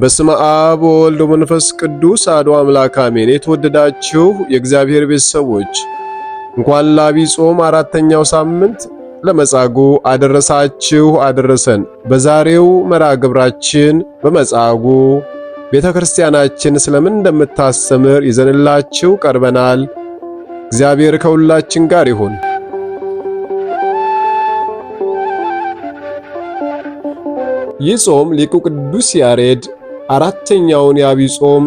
በስመ አብ ወወልድ ወመንፈስ ቅዱስ አሐዱ አምላክ አሜን። የተወደዳችሁ የእግዚአብሔር ቤተሰቦች እንኳን ለዐቢይ ጾም አራተኛው ሳምንት ለመጻጉዕ አደረሳችሁ አደረሰን። በዛሬው መርሐ ግብራችን በመጻጉዕ ቤተ ክርስቲያናችን ስለምን እንደምታስተምር ይዘንላችሁ ቀርበናል። እግዚአብሔር ከሁላችን ጋር ይሁን። ይህ ጾም ሊቁ ቅዱስ ያሬድ አራተኛውን የአብይ ጾም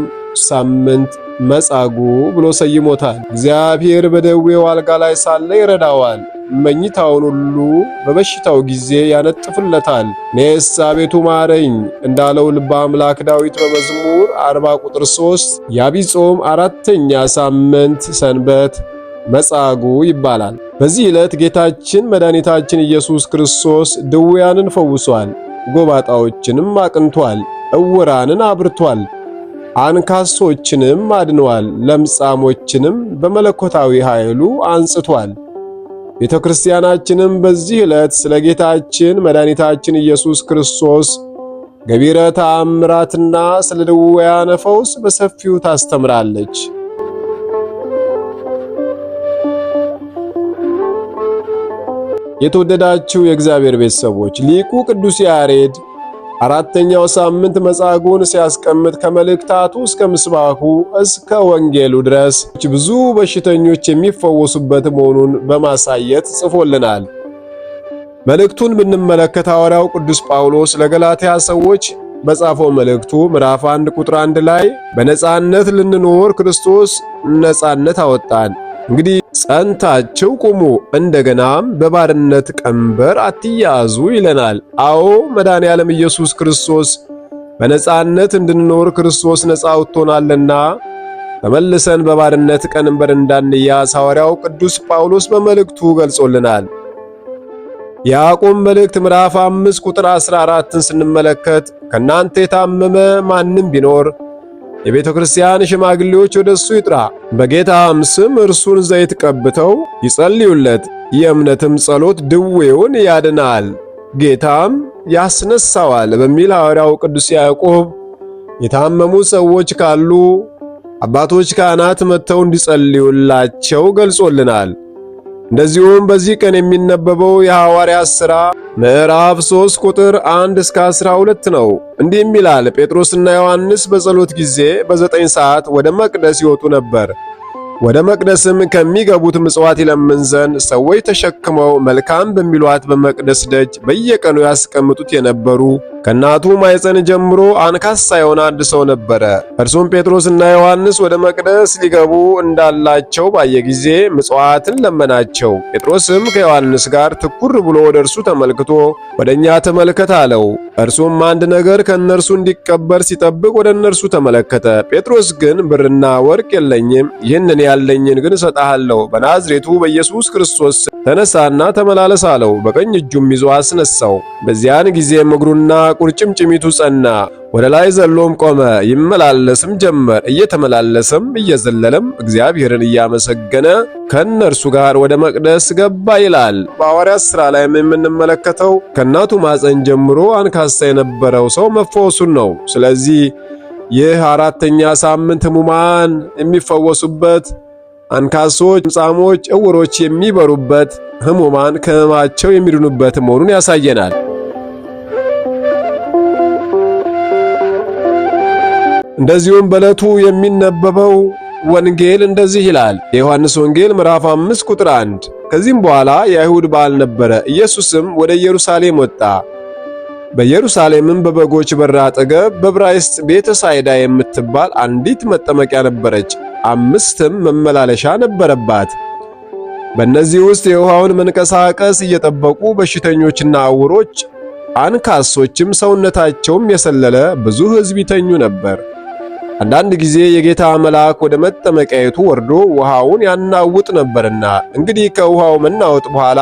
ሳምንት መጻጉዕ ብሎ ሰይሞታል። እግዚአብሔር በደዌው አልጋ ላይ ሳለ ይረዳዋል፣ መኝታውን ሁሉ በበሽታው ጊዜ ያነጥፍለታል። እኔስ አቤቱ ማረኝ እንዳለው ልበ አምላክ ዳዊት በመዝሙር 40 ቁጥር 3 የአብይ ጾም አራተኛ ሳምንት ሰንበት መጻጉዕ ይባላል። በዚህ ዕለት ጌታችን መድኃኒታችን ኢየሱስ ክርስቶስ ድውያንን ፈውሷል። ጎባጣዎችንም አቅንቷል፣ እውራንን አብርቷል፣ አንካሶችንም አድኗል ለምጻሞችንም በመለኮታዊ ኃይሉ አንጽቷል። ቤተ ክርስቲያናችንም በዚህ ዕለት ስለ ጌታችን መድኃኒታችን ኢየሱስ ክርስቶስ ገቢረ ተአምራትና ስለ ድውያነ ፈውስ በሰፊው ታስተምራለች። የተወደዳችሁ የእግዚአብሔር ቤተሰቦች ሊቁ ቅዱስ ያሬድ አራተኛው ሳምንት መጻጉዕን ሲያስቀምጥ ከመልእክታቱ እስከ ምስባኩ እስከ ወንጌሉ ድረስ ብዙ በሽተኞች የሚፈወሱበት መሆኑን በማሳየት ጽፎልናል። መልእክቱን ብንመለከት ሐዋርያው ቅዱስ ጳውሎስ ለገላትያ ሰዎች በጻፈው መልእክቱ ምዕራፍ 1 ቁጥር 1 ላይ በነጻነት ልንኖር ክርስቶስ ነጻነት አወጣን። እንግዲህ ጸንታችሁ ቁሙ፣ እንደገናም በባርነት ቀንበር አትያዙ ይለናል። አዎ መድኃኔ ዓለም ኢየሱስ ክርስቶስ በነጻነት እንድንኖር ክርስቶስ ነጻ አውጥቶናልና ተመልሰን በባርነት ቀንበር እንዳንያዝ ሐዋርያው ቅዱስ ጳውሎስ በመልእክቱ ገልጾልናል። የያዕቆብ መልእክት ምዕራፍ 5 ቁጥር 14ን ስንመለከት ከናንተ የታመመ ማንም ቢኖር የቤተ ክርስቲያን ሽማግሌዎች ወደ እሱ ይጥራ፣ በጌታም ስም እርሱን ዘይት ቀብተው ይጸልዩለት። የእምነትም ጸሎት ድዌውን ያድናል፣ ጌታም ያስነሳዋል በሚል ሐዋርያው ቅዱስ ያዕቆብ የታመሙ ሰዎች ካሉ አባቶች ካህናት መጥተው እንዲጸልዩላቸው ገልጾልናል። እንደዚሁም በዚህ ቀን የሚነበበው የሐዋርያት ሥራ ምዕራፍ 3 ቁጥር 1 እስከ 12 ነው። እንዲህም ይላል፣ ጴጥሮስና ዮሐንስ በጸሎት ጊዜ በዘጠኝ ሰዓት ወደ መቅደስ ይወጡ ነበር። ወደ መቅደስም ከሚገቡት ምጽዋት ይለምን ዘንድ ሰዎች ተሸክመው መልካም በሚሏት በመቅደስ ደጅ በየቀኑ ያስቀምጡት የነበሩ ከእናቱ ማኅፀን ጀምሮ አንካሳ የሆነ አንድ ሰው ነበረ። እርሱም ጴጥሮስና ዮሐንስ ወደ መቅደስ ሊገቡ እንዳላቸው ባየ ጊዜ ምጽዋትን ለመናቸው። ጴጥሮስም ከዮሐንስ ጋር ትኩር ብሎ ወደ እርሱ ተመልክቶ ወደ እኛ ተመልከት አለው። እርሱም አንድ ነገር ከእነርሱ እንዲቀበር ሲጠብቅ ወደ እነርሱ ተመለከተ። ጴጥሮስ ግን ብርና ወርቅ የለኝም፣ ይህንን ያለኝን ግን እሰጥሃለሁ። በናዝሬቱ በኢየሱስ ክርስቶስ ተነሳና ተመላለስ አለው። በቀኝ እጁም ይዞ አስነሳው። በዚያን ጊዜም እግሩና ቁርጭምጭሚቱ ጸና፣ ወደ ላይ ዘሎም ቆመ፣ ይመላለስም ጀመር። እየተመላለሰም እየዘለለም እግዚአብሔርን እያመሰገነ ከእነርሱ ጋር ወደ መቅደስ ገባ ይላል። በሐዋርያት ሥራ ላይም የምንመለከተው ከእናቱ ማፀን ጀምሮ አንካሳ የነበረው ሰው መፈወሱን ነው። ስለዚህ ይህ አራተኛ ሳምንት ሕሙማን የሚፈወሱበት አንካሶች፣ ምጻሞች፣ እውሮች የሚበሩበት፣ ሕሙማን ከሕመማቸው የሚድኑበት መሆኑን ያሳየናል። እንደዚሁም በዕለቱ የሚነበበው ወንጌል እንደዚህ ይላል። የዮሐንስ ወንጌል ምዕራፍ 5 ቁጥር 1። ከዚህም በኋላ የአይሁድ በዓል ነበረ። ኢየሱስም ወደ ኢየሩሳሌም ወጣ። በኢየሩሳሌምም በበጎች በር አጠገብ በዕብራይስጥ ቤተ ሳይዳ የምትባል አንዲት መጠመቂያ ነበረች፣ አምስትም መመላለሻ ነበረባት። በእነዚህ ውስጥ የውሃውን መንቀሳቀስ እየጠበቁ በሽተኞችና ዕውሮች፣ አንካሶችም ሰውነታቸውም የሰለለ ብዙ ሕዝብ ይተኙ ነበር። አንዳንድ ጊዜ የጌታ መልአክ ወደ መጠመቂያይቱ ወርዶ ውሃውን ያናውጥ ነበርና፣ እንግዲህ ከውሃው መናወጥ በኋላ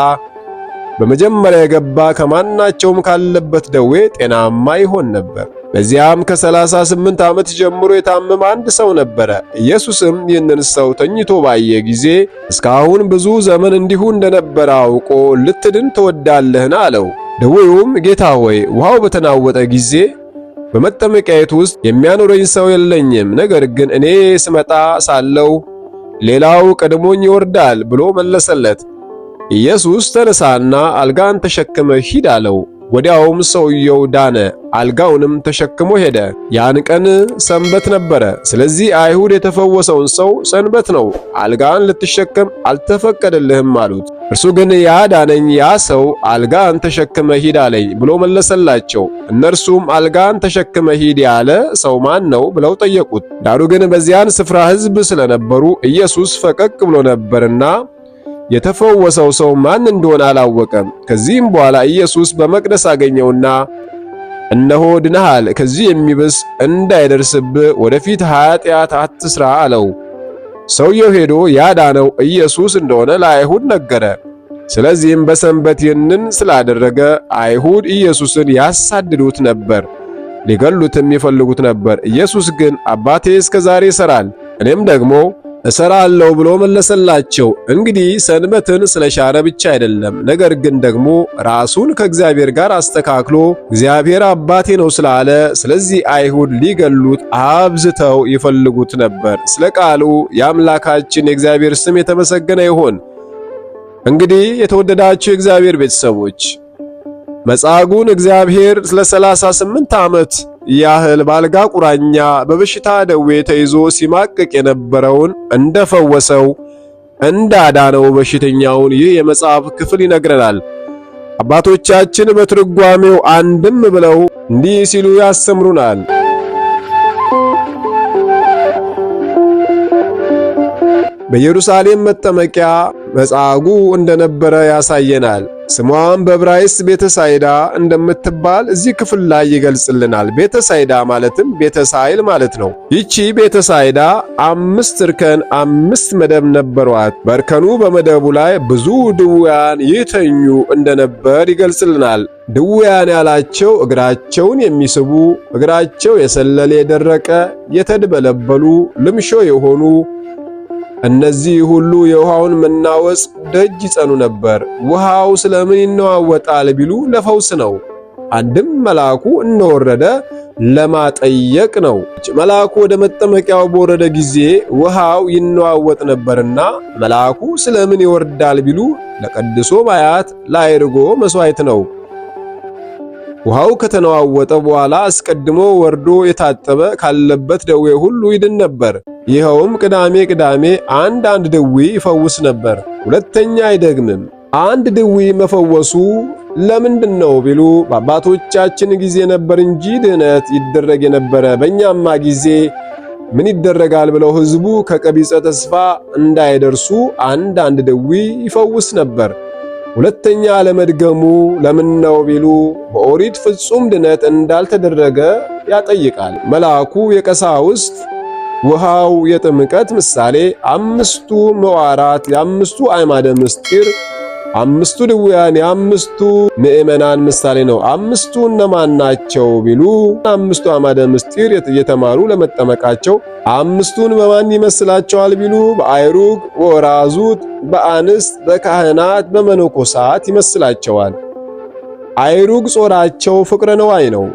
በመጀመሪያ የገባ ከማናቸውም ካለበት ደዌ ጤናማ ይሆን ነበር። በዚያም ከ38 ዓመት ጀምሮ የታመመ አንድ ሰው ነበረ። ኢየሱስም ይህንን ሰው ተኝቶ ባየ ጊዜ እስካሁን ብዙ ዘመን እንዲሁ እንደነበረ አውቆ ልትድን ትወዳለህን? አለው። ደዌውም ጌታ ሆይ ውሃው በተናወጠ ጊዜ በመጠመቂያየት ውስጥ የሚያኖረኝ ሰው የለኝም፣ ነገር ግን እኔ ስመጣ ሳለው ሌላው ቀድሞኝ ይወርዳል ብሎ መለሰለት። ኢየሱስ ተነሳና አልጋን ተሸክመ ሂድ አለው። ወዲያውም ሰውየው ዳነ፣ አልጋውንም ተሸክሞ ሄደ። ያን ቀን ሰንበት ነበረ። ስለዚህ አይሁድ የተፈወሰውን ሰው ሰንበት ነው፣ አልጋን ልትሸከም አልተፈቀደልህም አሉት። እርሱ ግን ያ ዳነኝ ያ ሰው አልጋን ተሸክመ ሂድ አለኝ ብሎ መለሰላቸው። እነርሱም አልጋን ተሸክመ ሂድ ያለ ሰው ማን ነው ብለው ጠየቁት። ዳሩ ግን በዚያን ስፍራ ሕዝብ ስለነበሩ ኢየሱስ ፈቀቅ ብሎ ነበርና የተፈወሰው ሰው ማን እንደሆነ አላወቀም። ከዚህም በኋላ ኢየሱስ በመቅደስ አገኘውና እነሆ ድነሃል፣ ከዚህ የሚብስ እንዳይደርስብህ ወደፊት ኃጢአት አትስራ አለው። ሰውየው ሄዶ ያዳነው ኢየሱስ እንደሆነ ለአይሁድ ነገረ። ስለዚህም በሰንበት ይህንን ስላደረገ አይሁድ ኢየሱስን ያሳድዱት ነበር፣ ሊገሉትም ይፈልጉት ነበር። ኢየሱስ ግን አባቴ እስከ ዛሬ ይሠራል፣ እኔም ደግሞ እሰራለሁ ብሎ መለሰላቸው። እንግዲህ ሰንበትን ስለሻረ ብቻ አይደለም፣ ነገር ግን ደግሞ ራሱን ከእግዚአብሔር ጋር አስተካክሎ እግዚአብሔር አባቴ ነው ስላለ፣ ስለዚህ አይሁድ ሊገሉት አብዝተው ይፈልጉት ነበር። ስለ ቃሉ የአምላካችን የእግዚአብሔር ስም የተመሰገነ ይሁን። እንግዲህ የተወደዳችሁ የእግዚአብሔር ቤተሰቦች መጻጉዕን እግዚአብሔር ስለ 38 ዓመት ያህል ባልጋ ቁራኛ በበሽታ ደዌ ተይዞ ሲማቅቅ የነበረውን እንደፈወሰው እንዳዳነው በሽተኛውን ይህ የመጽሐፍ ክፍል ይነግረናል። አባቶቻችን በትርጓሜው አንድም ብለው እንዲህ ሲሉ ያስተምሩናል። በኢየሩሳሌም መጠመቂያ መጻጉዕ እንደነበረ ያሳየናል። ስሟም በብራይስ ቤተሳይዳ እንደምትባል እዚህ ክፍል ላይ ይገልጽልናል። ቤተሳይዳ ማለትም ቤተሳይል ማለት ነው። ይቺ ቤተሳይዳ አምስት እርከን አምስት መደብ ነበሯት። በእርከኑ በመደቡ ላይ ብዙ ድውያን ይተኙ እንደነበር ይገልጽልናል። ድውያን ያላቸው እግራቸውን የሚስቡ እግራቸው የሰለለ የደረቀ የተድበለበሉ ልምሾ የሆኑ እነዚህ ሁሉ የውሃውን መናወጽ ደጅ ይጸኑ ነበር። ውሃው ስለምን ይነዋወጣል ቢሉ ለፈውስ ነው። አንድም መልአኩ እንደወረደ ለማጠየቅ ነው። መልአኩ ወደ መጠመቂያው በወረደ ጊዜ ውሃው ይነዋወጥ ነበርና መልአኩ ስለምን ይወርዳል ቢሉ ለቀድሶ ማያት ለአይርጎ መስዋዕት ነው። ውሃው ከተነዋወጠ በኋላ አስቀድሞ ወርዶ የታጠበ ካለበት ደዌ ሁሉ ይድን ነበር። ይኸውም ቅዳሜ ቅዳሜ አንድ አንድ ድዊ ይፈውስ ነበር፣ ሁለተኛ አይደግምም። አንድ ድዊ መፈወሱ ለምንድን ነው ቢሉ በአባቶቻችን ጊዜ ነበር እንጂ ድህነት ይደረግ የነበረ በእኛማ ጊዜ ምን ይደረጋል ብለው ሕዝቡ ከቀቢጸ ተስፋ እንዳይደርሱ አንድ አንድ ድዊ ይፈውስ ነበር። ሁለተኛ ለመድገሙ ለምን ነው ቢሉ በኦሪት ፍጹም ድነት እንዳልተደረገ ያጠይቃል። መልአኩ የቀሳውስት ውሃው የጥምቀት ምሳሌ፣ አምስቱ መዋራት የአምስቱ አይማደ ምስጢር አምስቱ ድውያን የአምስቱ ምእመናን ምሳሌ ነው። አምስቱ እነማን ናቸው ቢሉ አምስቱ አማደ ምስጢር የተማሩ ለመጠመቃቸው አምስቱን በማን ይመስላቸዋል ቢሉ በአይሩግ ወራዙት፣ በአንስት፣ በካህናት፣ በመነኮሳት ይመስላቸዋል። አይሩግ ጾራቸው ፍቅረ ነዋይ ነው።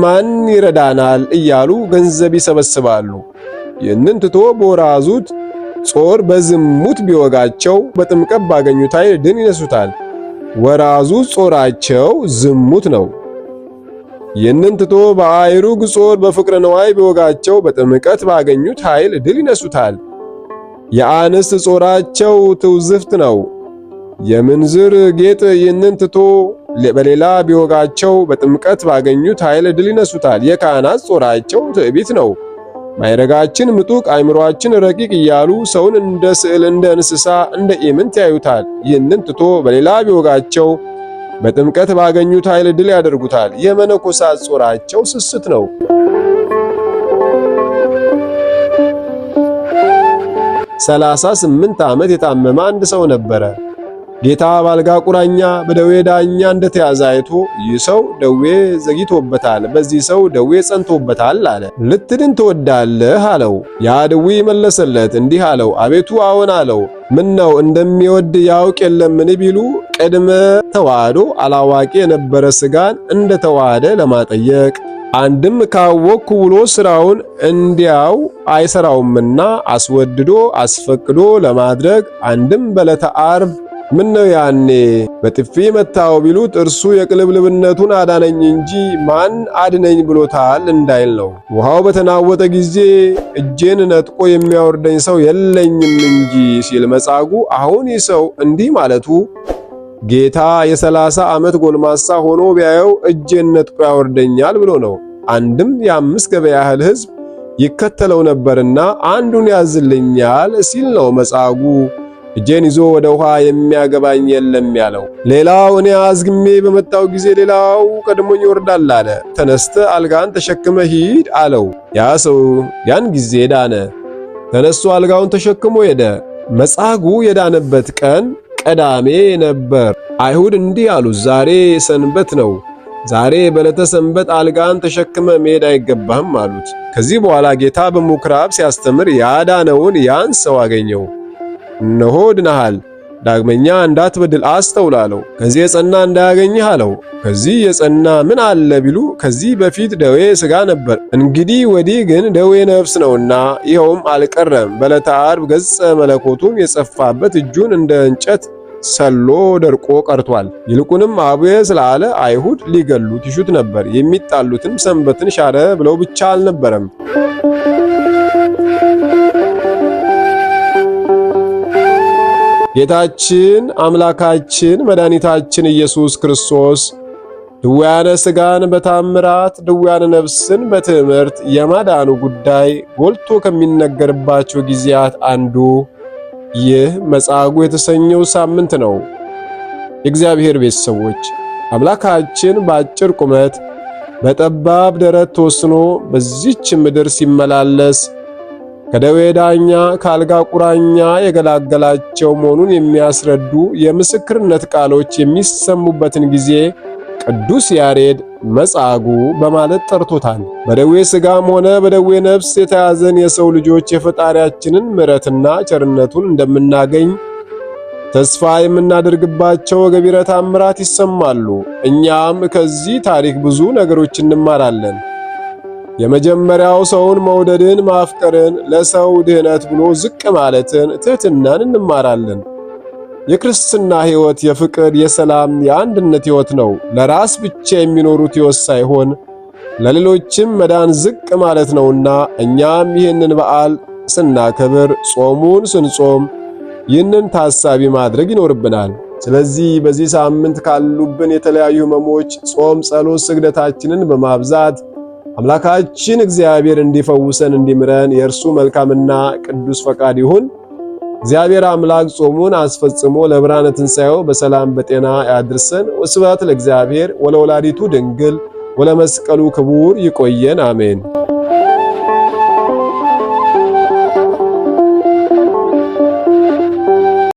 ማን ይረዳናል እያሉ ገንዘብ ይሰበስባሉ። ይህንን ትቶ በወራዙት ጾር በዝሙት ቢወጋቸው በጥምቀት ባገኙት ኃይል ድል ይነሱታል። ወራዙ ጾራቸው ዝሙት ነው። ይህንን ትቶ በአይሩግ ጾር በፍቅረ ነዋይ ቢወጋቸው በጥምቀት ባገኙት ኃይል ድል ይነሱታል። የአንስት ጾራቸው ትውዝፍት ነው። የምንዝር ጌጥ ይህንን ትቶ በሌላ ቢወጋቸው በጥምቀት ባገኙት ኃይል ድል ይነሱታል። የካህናት ጾራቸው ትዕቢት ነው። ማይረጋችን ምጡቅ አይምሮአችን ረቂቅ እያሉ ሰውን እንደ ስዕል፣ እንደ እንስሳ፣ እንደ ኢምንት ያዩታል። ይህንን ትቶ በሌላ ቢወጋቸው በጥምቀት ባገኙት ኃይል ድል ያደርጉታል። የመነኮሳት ጾራቸው ስስት ነው። ሰላሳ ስምንት ዓመት የታመመ አንድ ሰው ነበረ። ጌታ ባልጋ ቁራኛ በደዌ ዳኛ እንደተያዘ አይቶ ይህ ሰው ደዌ ዘግይቶበታል፣ በዚህ ሰው ደዌ ጸንቶበታል አለ። ልትድን ትወዳለህ አለው። ያ ደዌ መለሰለት እንዲህ አለው፣ አቤቱ አዎን አለው። ምን ነው እንደሚወድ ያውቅ የለምን ቢሉ ቅድመ ተዋህዶ አላዋቂ የነበረ ስጋን እንደተዋደ ለማጠየቅ አንድም ካወቅኩ ብሎ ስራውን እንዲያው አይሰራውምና አስወድዶ አስፈቅዶ ለማድረግ አንድም በለተ አርብ ምን ነው ያኔ በጥፊ መታው ቢሉት እርሱ የቅልብልብነቱን አዳነኝ እንጂ ማን አድነኝ ብሎታል እንዳይል ነው። ውሃው በተናወጠ ጊዜ እጄን ነጥቆ የሚያወርደኝ ሰው የለኝም እንጂ ሲል መጻጉ አሁን ይህ ሰው እንዲህ ማለቱ ጌታ የሰላሳ ዓመት ጎልማሳ ሆኖ ቢያየው እጄን ነጥቆ ያወርደኛል ብሎ ነው። አንድም የአምስት ገበያ ያህል ሕዝብ ይከተለው ነበርና አንዱን ያዝልኛል ሲል ነው መጻጉ እጄን ይዞ ወደ ውሃ የሚያገባኝ የለም ያለው። ሌላው እኔ አዝግሜ በመጣው ጊዜ ሌላው ቀድሞኝ ይወርዳል አለ። ተነስተ አልጋን ተሸክመ ሂድ አለው። ያ ሰው ያን ጊዜ ዳነ። ተነስቶ አልጋውን ተሸክሞ ሄደ። መጻጉ የዳነበት ቀን ቀዳሜ ነበር። አይሁድ እንዲህ አሉ፣ ዛሬ ሰንበት ነው፣ ዛሬ በዕለተ ሰንበት አልጋን ተሸክመ መሄድ አይገባህም አሉት። ከዚህ በኋላ ጌታ በምኵራብ ሲያስተምር ያዳነውን ያን ሰው አገኘው። እነሆ ድነሃል፣ ዳግመኛ እንዳትበድል አስተውላለው፣ ከዚህ የጸና እንዳያገኝህ አለው። ከዚህ የጸና ምን አለ ቢሉ ከዚህ በፊት ደዌ ሥጋ ነበር፣ እንግዲህ ወዲህ ግን ደዌ ነፍስ ነውና ይኸውም አልቀረም። በዕለተ ዓርብ ገጸ መለኮቱም የጸፋበት እጁን እንደ እንጨት ሰሎ ደርቆ ቀርቷል። ይልቁንም አቡየ ስላለ አይሁድ ሊገሉት ይሹት ነበር። የሚጣሉትም ሰንበትን ሻረ ብለው ብቻ አልነበረም። ጌታችን አምላካችን መድኃኒታችን ኢየሱስ ክርስቶስ ድውያነ ሥጋን በታምራት ድውያነ ነፍስን በትምህርት የማዳኑ ጉዳይ ጎልቶ ከሚነገርባቸው ጊዜያት አንዱ ይህ መጻጉዕ የተሰኘው ሳምንት ነው። የእግዚአብሔር ቤተሰቦች አምላካችን በአጭር ቁመት በጠባብ ደረት ተወስኖ በዚች ምድር ሲመላለስ ከደዌ ዳኛ ከአልጋ ቁራኛ የገላገላቸው መሆኑን የሚያስረዱ የምስክርነት ቃሎች የሚሰሙበትን ጊዜ ቅዱስ ያሬድ መጻጉ በማለት ጠርቶታል። በደዌ ሥጋም ሆነ በደዌ ነፍስ የተያዘን የሰው ልጆች የፈጣሪያችንን ምሕረትና ቸርነቱን እንደምናገኝ ተስፋ የምናደርግባቸው ገቢረ ተአምራት ይሰማሉ። እኛም ከዚህ ታሪክ ብዙ ነገሮች እንማራለን። የመጀመሪያው ሰውን መውደድን፣ ማፍቀርን፣ ለሰው ድህነት ብሎ ዝቅ ማለትን፣ ትህትናን እንማራለን። የክርስትና ሕይወት የፍቅር፣ የሰላም፣ የአንድነት ሕይወት ነው። ለራስ ብቻ የሚኖሩት ሕይወት ሳይሆን ለሌሎችም መዳን ዝቅ ማለት ነውና እኛም ይህንን በዓል ስናከብር ጾሙን ስንጾም ይህንን ታሳቢ ማድረግ ይኖርብናል። ስለዚህ በዚህ ሳምንት ካሉብን የተለያዩ ህመሞች ጾም፣ ጸሎት፣ ስግደታችንን በማብዛት አምላካችን እግዚአብሔር እንዲፈውሰን እንዲምረን የእርሱ መልካምና ቅዱስ ፈቃድ ይሁን። እግዚአብሔር አምላክ ጾሙን አስፈጽሞ ለብርሃነ ትንሣኤው በሰላም በጤና ያድርሰን። ወስብሐት ለእግዚአብሔር ወለወላዲቱ ድንግል ወለመስቀሉ ክቡር። ይቆየን። አሜን።